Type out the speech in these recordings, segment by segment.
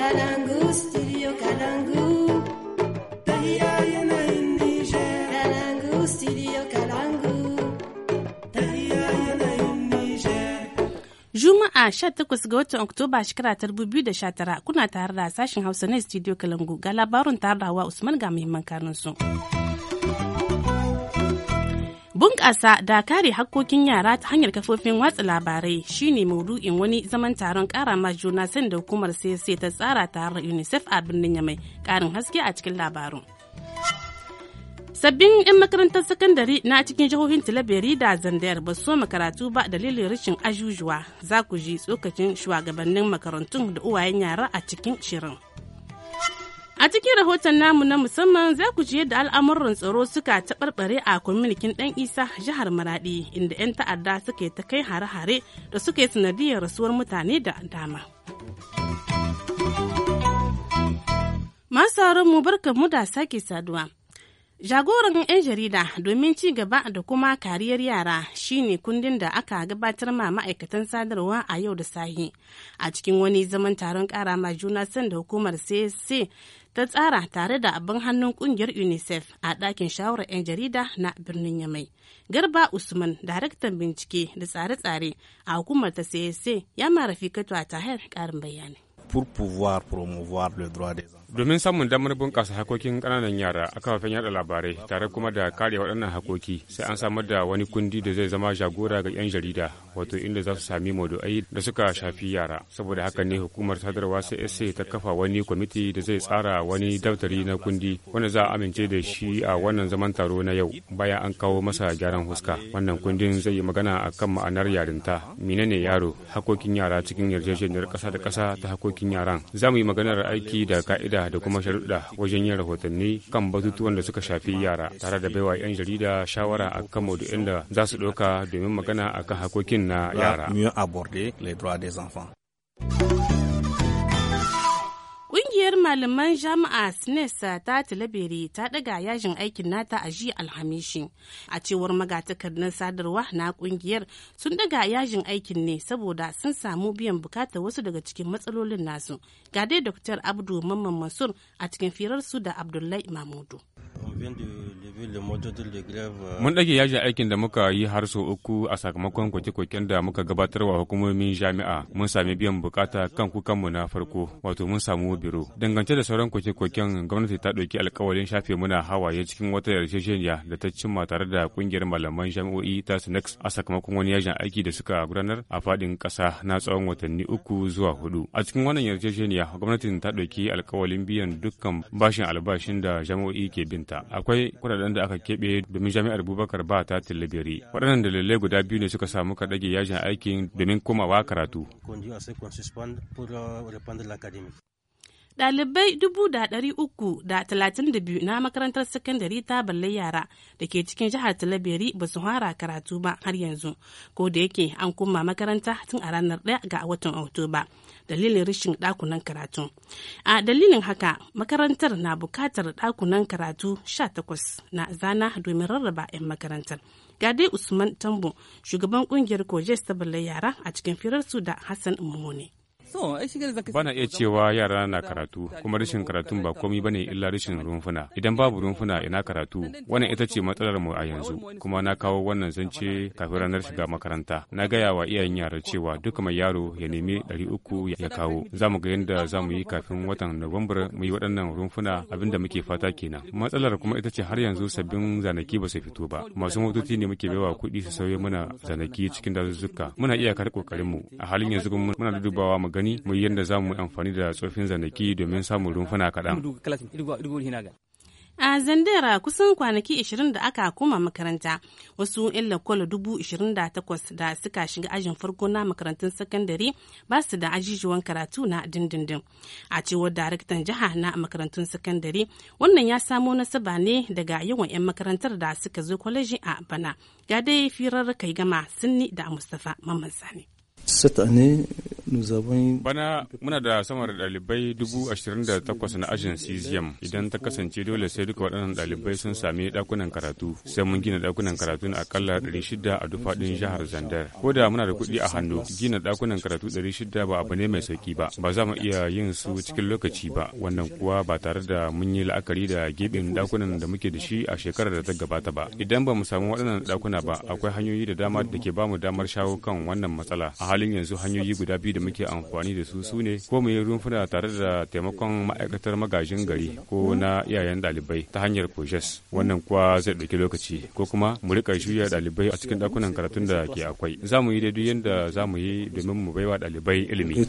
Kalangu, studio Kalangu. Tahira yana Nijar. Kalangu, studio Kalangu. Tahira yana Nijar. Juma'a 18 ga watan Oktoba shekara ta 2019 kuna tare da sashen Hausa na studio Kalangu ga labarin tare da Usman ga muhimman kanunsu. su. Bunƙasa da kare hakkokin yara ta hanyar kafofin watsa labarai shine maudu'in wani zaman taron ƙara ma juna sani da hukumar sai ta tsara taron UNICEF a birnin Yamai. Ƙarin haske a cikin labarun. Sabbin 'yan makarantar sakandare na cikin jihohin Tilaberi da Zandayar ba su so karatu ba dalilin rashin ajujuwa za ku ji tsokacin shugabannin makarantun da uwayen yara a cikin shirin. A cikin rahoton namu na musamman za ku ji yadda al'amuran tsaro suka taɓarɓare a kwamilikin ɗan isa jihar Maraɗi inda 'yan ta'adda suke ta kai hare-hare da suke sanadiyar rasuwar mutane da dama. Masu mu barkan mu da sake saduwa. Jagoran 'yan jarida domin ci gaba da kuma kariyar yara shine kundin da aka gabatar ma ma'aikatan sadarwa a yau da sahi a cikin wani zaman taron kara ma juna sanda hukumar CSC ta tsara tare da abin hannun kungiyar unicef a ɗakin shawarar 'yan jarida na birnin yamai garba usman daraktan bincike da tsare-tsare a hukumar ta csa ya mara katuwa a tahir ƙarin bayani pour domin samun damar bunƙasa hakokin ƙananan yara a kafafen yada labarai tare kuma da kare waɗannan hakoki sai an samar da wani kundi da zai zama jagora ga 'yan jarida wato inda za su sami maudu'ai da suka shafi yara saboda haka ne hukumar sadarwa csa ta kafa wani kwamiti da zai tsara wani daftari na kundi wanda za a amince da shi a wannan zaman taro na yau bayan an kawo masa gyaran huska wannan kundin zai yi magana a kan ma'anar yarinta menene yaro hakokin yara cikin yarjejeniyar ƙasa da ƙasa ta hakokin yaran za mu yi maganar aiki da ka'ida jarida da kuma sharuɗa wajen yin rahotanni kan batutuwan da suka shafi yara tare da baiwa 'yan jarida shawara a kan maudu'in da za su ɗauka domin magana a kan hakokin na yara. malaman jami'a Sinesa ta Tilabere ta daga yajin aikin nata a jiya alhamishi. A cewar magatakardar sadarwa na kungiyar sun daga yajin aikin ne saboda sun samu biyan bukata wasu daga cikin matsalolin nasu. Ga dai Dr. Abdu Mamman Mansur a cikin firar su da Abdullahi Mamudu. Euh, mun ɗage yajin aikin da muka yi har sau uku a sakamakon kwake-kwaken da muka gabatar wa hukumomin jami'a mun sami biyan bukata kan kukanmu na farko wato mun samu biro. Dangance da sauran kwake-kwaken gwamnati ta ɗauki alkawarin shafe muna hawaye cikin wata yarjejeniya da ta cimma tare da ƙungiyar malaman jami'o'i ta sinex a sakamakon wani yajin aiki da suka gudanar a faɗin ƙasa na tsawon watanni uku zuwa hudu. A cikin wannan yarjejeniya gwamnatin ta ɗauki alkawarin biyan dukkan bashin albashin da jami'o'i ke bin ta akwai kudaden da aka keɓe domin jami'ar Abubakar ba ta Tilibiri waɗannan dalilai guda biyu ne suka samu ka ɗage yajin aikin domin komawa karatu Ɗalibai biyu na makarantar sakandare ta balle yara da ke cikin jihar Talabiri ba su fara karatu ba har yanzu, ko da yake an koma makaranta tun a ranar ɗaya ga watan Oktoba dalilin rashin ɗakunan karatu. A dalilin haka makarantar na bukatar ɗakunan karatu takwas na zana domin rarraba 'yan makarantar. Gade Usman Tambo, shugaban kungiyar Kojes ta balle yara a cikin firarsu da Hassan Umone. Bana iya cewa yara na karatu kuma rashin karatun ba komai ne illa rashin rumfuna. Idan babu rumfuna ina karatu wannan ita ce matsalar mu a yanzu kuma na kawo wannan zance kafin ranar shiga makaranta. Na gaya wa iyayen yara cewa duka mai yaro ya nemi ɗari uku ya kawo. Za mu ga yadda za mu yi kafin watan Nuwambar mu yi waɗannan rumfuna abinda muke fata kenan. Matsalar kuma ita ce har yanzu sabbin zanaki ba su fito ba. Masu motoci ne muke baiwa kuɗi su sauye mana zanaki cikin dazuzzuka. Muna iya kar ƙoƙarinmu a halin yanzu muna dudubawa mu gani mu yadda za mu amfani da tsofin zanaki domin samun rumfuna kaɗan. A Zandera kusan kwanaki 20 da aka koma makaranta, wasu 'yan lakwalo 28 da suka shiga ajin farko na makarantun sakandare ba su da ajijuwan karatu na dindindin. A cewar daraktan jiha na makarantun sakandare, wannan ya samo nasaba ne daga yawan 'yan makarantar da suka zo kwaleji a bana. Ga dai firar kai gama sunni da Mustapha Mamman Sani. Bana muna da sama da ɗalibai dubu ashirin da takwas na ajin CZM idan ta kasance dole sai duka waɗannan ɗalibai sun sami ɗakunan karatu sai mun gina ɗakunan karatu na akalla ɗari shida a dufaɗin jihar Zandar. Ko da muna da kuɗi a hannu gina ɗakunan karatu ɗari shida ba abu ne mai sauki ba ba za mu iya yin su cikin lokaci ba wannan kuwa ba tare da mun yi la'akari da gibin ɗakunan da muke da shi a shekarar da ta gabata ba. Idan ba mu samu waɗannan ɗakuna ba akwai hanyoyi da dama da ke ba mu damar shawo kan wannan matsala a halin yanzu hanyoyi guda biyu da muke amfani da su su ne ko mu yi rumfuna tare da taimakon ma'aikatar magajin gari ko na iyayen ɗalibai ta hanyar kojes wannan kuwa zai ɗauki lokaci ko kuma mu rika shirya ɗalibai a cikin ɗakunan karatun da ke akwai za mu yi daidai yadda za mu yi domin mu baiwa ɗalibai ilimi.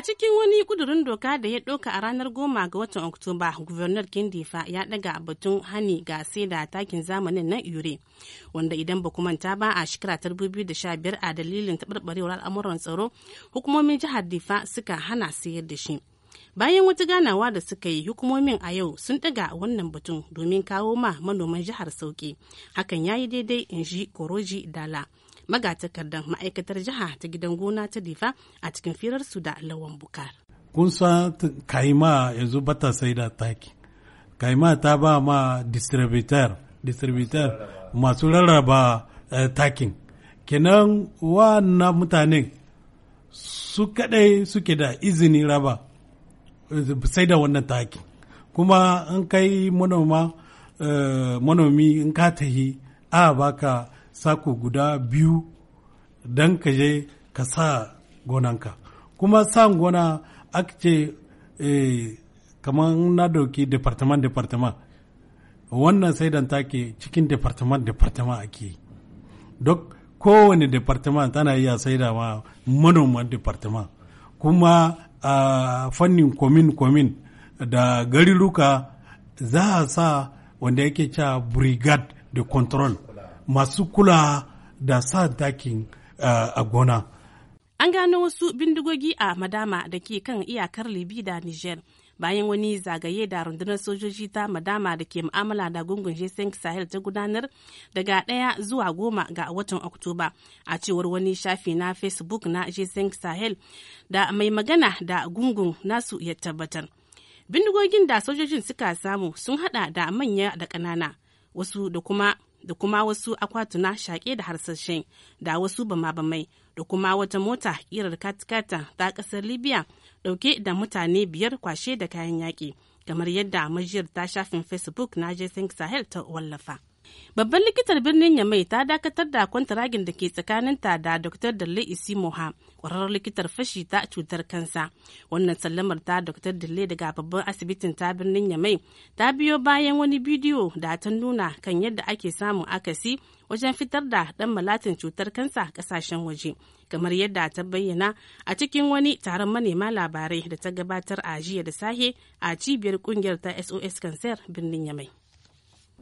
A cikin wani kudurin doka da ya doka a ranar goma ga watan Oktoba, Guvernar Kindifa ya daga batun hani ga sai da takin zamanin na Ure, wanda idan ba manta ba a shekara ta 2015 a dalilin taɓarɓarewar al'amuran tsaro, hukumomin jihar Difa suka hana sayar da shi. Bayan wata ganawa da suka yi hukumomin a yau sun daga wannan batun domin kawo ma manoman jihar sauki Hakan ya yi daidai in ji Koroji Dala, magatakardar ma'aikatar jiha ta gidan gona ta difa a cikin su da lawan bukar kun san kaima yanzu bata sai da taki kaima ta ba ma distributor distributor masu rarraba eh, takin kenan na mutane su kadai suke da izini raba eh, sai da wannan taki kuma in kai manoma eh, manomi in ka tahi a baka sako guda biyu don ka je ka sa gonanka kuma san gona aka ce eh, kamar na dauki departement departement wannan saidan take cikin departement departement ake duk kowane departement tana iya saida ma manoman departement kuma a fannin komin komin da gariruka za a sa wanda yake cewa brigade de control masu kula da sa takin eh, a gona. An gano wasu bindigogi a Madama da ke kan iyakar Libi da Niger bayan wani zagaye da rundunar sojoji ta Madama da ke mu'amala da gungun jesen Sahel ta gudanar daga daya zuwa goma ga watan Oktoba a cewar wani shafi na Facebook na jesen Sahel da mai magana da gungun nasu ya tabbatar. Bindigogin da sojojin suka samu sun hada da manya da ƙanana wasu da kuma da kuma wasu akwatuna shaƙe da harsashen da wasu bama-bamai da kuma wata mota kirar katakata ta ƙasar libya ɗauke da mutane biyar kwashe da kayan yaƙi kamar yadda majiyar ta shafin facebook na jason sahel ta wallafa. babban likitar birnin yamai ta dakatar da kwantaragin da ke tsakanin ta da dr dalle isimoha kwararrar likitar fashi ta cutar kansa wannan sallamar ta dr dalle daga babban asibitin ta birnin yamai ta biyo bayan wani bidiyo da ta nuna kan yadda ake samun akasi wajen fitar da dan malatin cutar kansa kasashen waje kamar yadda ta bayyana a cikin wani taron manema labarai da ta gabatar a jiya da sahe a cibiyar ƙungiyar ta sos cancer birnin yamai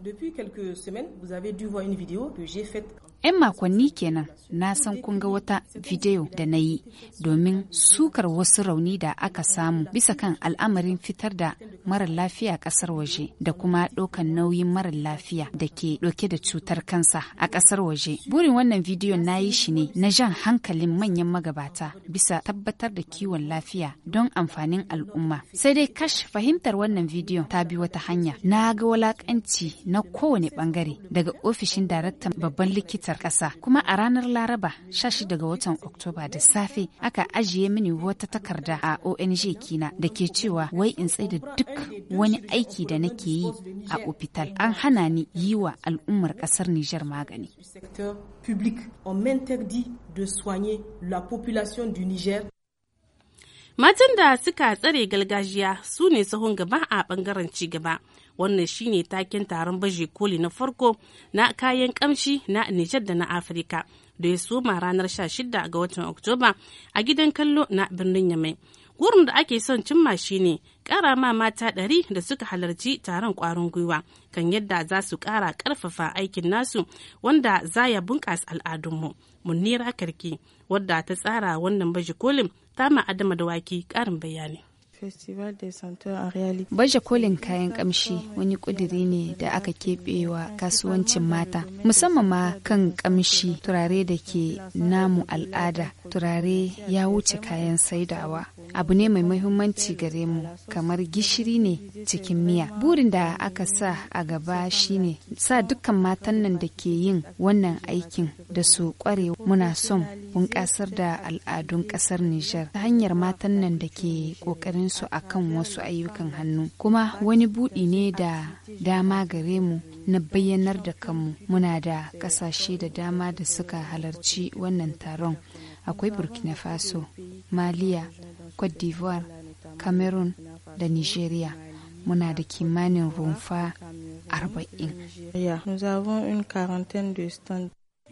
Depuis quelques semaines, vous avez dû voir une vidéo que j'ai faite 'yan makonni kenan na san kun ga wata bidiyo da na yi domin sukar wasu rauni da aka samu bisa kan al'amarin fitar da mara lafiya ƙasar waje da kuma ɗaukan nauyin mara lafiya da ke ɗauke da cutar kansa a ƙasar waje burin wannan video na yi shi ne na jan hankalin manyan magabata bisa tabbatar da kiwon lafiya don amfanin al'umma sai dai kash fahimtar wannan video ta bi wata hanya na ga walakanci na kowane bangare daga ofishin daraktan babban likita majalisar ƙasa kuma a ranar Laraba 16 ga watan Oktoba da safe aka ajiye mini wata takarda a ONG kina da ke cewa wai in da duk wani aiki da nake yi a opital an hana ni yi wa al'ummar ƙasar niger magani. Matan da suka tsare galgajiya su ne sahun gaba a bangaren ci gaba. wannan shine taken taron baje koli na farko na kayan kamshi na nijar da na afirka da ya soma ranar 16 ga watan oktoba a gidan kallo na birnin yamai gurin da ake son cimma shine kara ma mata ɗari da suka halarci taron ƙwarin gwiwa kan yadda za su kara karfafa aikin nasu wanda za ya bunƙasa al'adunmu munira karki wadda ta tsara wannan baje kolin ta ma da waki ƙarin bayani Baje kolin kayan kamshi wani ƙudiri ne da aka keɓewa kasuwancin mata, musamman ma kan kamshi turare da ke namu al'ada. Turare ya wuce kayan saidawa. Abu ne mai muhimmanci gare mu, kamar gishiri ne cikin miya. Burin da aka sa a gaba shine sa dukkan matan nan da ke yin wannan aikin da su kware muna son bunƙasar da al'adun ƙasar Nijar ta hanyar matan nan da ke ƙoƙarin su akan wasu ayyukan hannu kuma wani buɗi ne da dama gare mu na bayyanar da kanmu muna da ƙasashe da dama da suka halarci wannan taron akwai burkina faso maliya cote d'ivoire cameroon da nigeria muna da kimanin rumfa arba'in.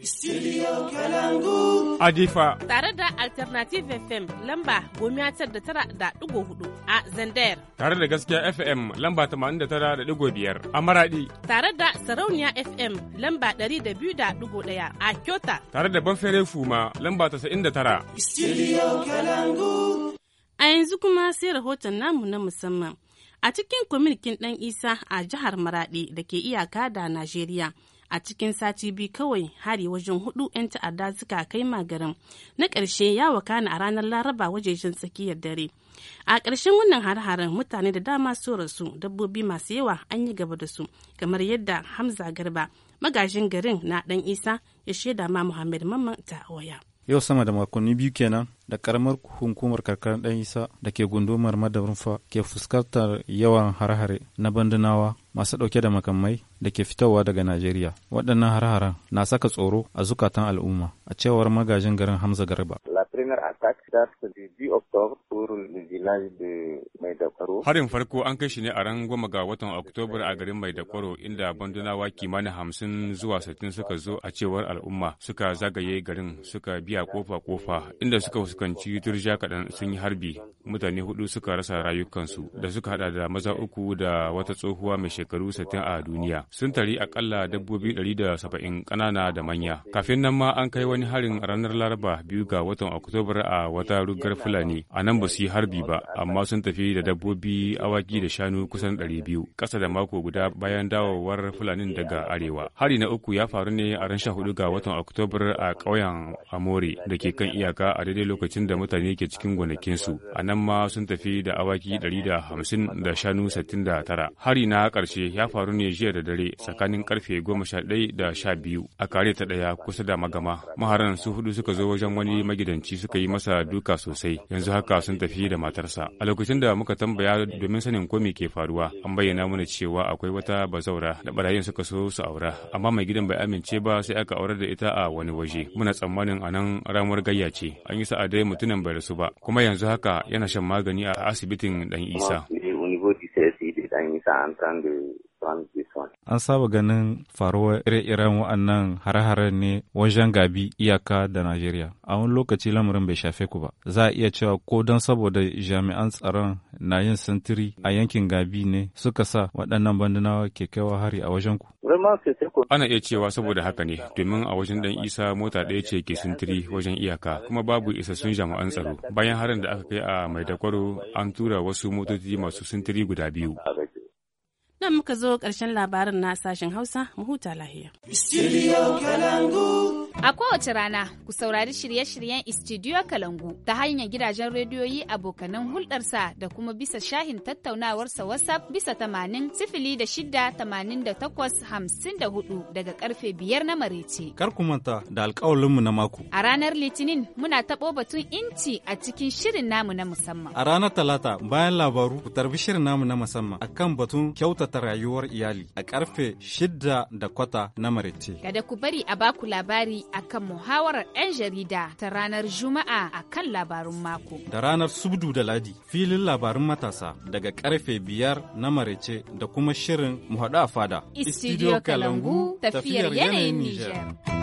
Studio Kalangu. Adifa. Tare da Alternative FM lamba gomiya tar da tara da ɗigo hudu a Zander. Tare da gaskiya FM lamba tamanin da tara da ɗigo biyar a Maradi. Tare da Sarauniya FM lamba ɗari da biyu da ɗigo ɗaya a Kyota. Tare da Banfere Fuma lamba tasa'in da tara. Kalangu. A yanzu kuma sai rahoton namu na musamman. A cikin kwamitin ɗan Isa a jihar Maradi da ke iyaka da Najeriya. a cikin sati biyu kawai hari wajen hudu 'yan ta'adda suka kai magarin na ƙarshe ya wakana a ranar laraba wajejen tsakiyar dare a ƙarshen wannan har-haren mutane da dama su rasu dabbobi masu yawa an yi gaba da su kamar yadda hamza garba magajin garin na dan isa ya shaida ma muhammad mamman ta waya yau sama da makonni biyu kenan da karamar hukumar karkarar dan isa da ke gundumar madarin ke fuskantar yawan har-hare na bandunawa masu dauke da makamai da ke fitowa daga Najeriya. Waɗannan har-haren na saka tsoro a zukatan al'umma, a cewar magajin garin Hamza Garba. Harin farko an kai shi ne a ran goma ga watan Oktobar a garin dakwaro inda bandunawa kimanin hamsin zuwa sittin suka zo a cewar al'umma suka zagaye garin suka biya kofa-kofa inda suka fuskanci turja kaɗan sun yi harbi mutane hudu suka rasa rayukansu da suka hada da maza uku da wata tsohuwa mai shekaru sittin a duniya. sun tari akalla dabbobi 170 ƙanana da manya. Kafin nan ma an kai wani harin ranar Laraba biyu ga watan Oktobar a wata rugar Fulani. A nan ba su yi harbi ba, amma sun tafi da dabbobi awaki da shanu kusan 200 ƙasa da mako guda bayan dawowar Fulanin daga arewa. Hari na uku ya faru ne a ran 14 ga watan Oktobar a ƙauyen Amore da ke kan iyaka a daidai lokacin da mutane ke cikin gonakinsu. A nan ma sun tafi da awaki 150 da shanu 69. Hari na ƙarshe ya faru ne jiya da dare dare tsakanin karfe goma sha ɗaya da sha biyu a kare ta ɗaya kusa da magama. Maharan su hudu suka zo wajen wani magidanci suka yi masa duka sosai yanzu haka sun tafi da matarsa. A lokacin da muka tambaya domin sanin ko me ke faruwa an bayyana mana cewa akwai wata bazaura da barayin suka so su aura amma mai gidan bai amince ba sai aka aurar da ita a wani waje. Muna tsammanin a nan ramuwar gayya ce an yi sa'a dai mutumin bai rasu ba kuma yanzu haka yana shan magani a asibitin dan isa. An saba ganin faruwa ire-iren wa'annan har haren ne wajen gabi iyaka da Najeriya. A wani lokaci lamarin bai shafe ku ba. Za a iya cewa ko don saboda jami'an tsaron na yin sintiri a yankin gabi ne suka sa waɗannan bandunawa ke wa hari a wajen ku. Ana iya cewa saboda haka ne domin a wajen dan isa mota ɗaya ce ke sintiri wajen iyaka kuma babu isassun jami'an tsaro. Bayan harin da aka kai a Maidakwaro an tura wasu motoci masu sintiri guda biyu. Nan muka zo ƙarshen labarin na sashen Hausa mu huta lahiya. A kowace rana ku saurari shirye-shiryen Studio Kalangu ta hanyar gidajen rediyoyi abokanan hulɗarsa da kuma bisa shahin tattaunawarsa WhatsApp bisa tamanin sifili da shida tamanin da takwas hamsin da hudu daga karfe biyar na marece. Kar ku manta da alƙawalinmu na mako. A ranar Litinin muna taɓo batun inci a cikin shirin namu na musamman. A ranar Talata bayan labaru ku tarbi shirin namu na musamman akan batun kyauta ta rayuwar iyali a karfe shida da kwata na maraice. Kada ku bari a baku labari akan muhawarar 'yan jarida ta ranar Juma'a akan labarun mako. Da ranar Subdu da Ladi filin labarun matasa daga karfe biyar na maraice da kuma shirin mu a fada. Istidiyo Kalangu tafiyar yanayin Nijar.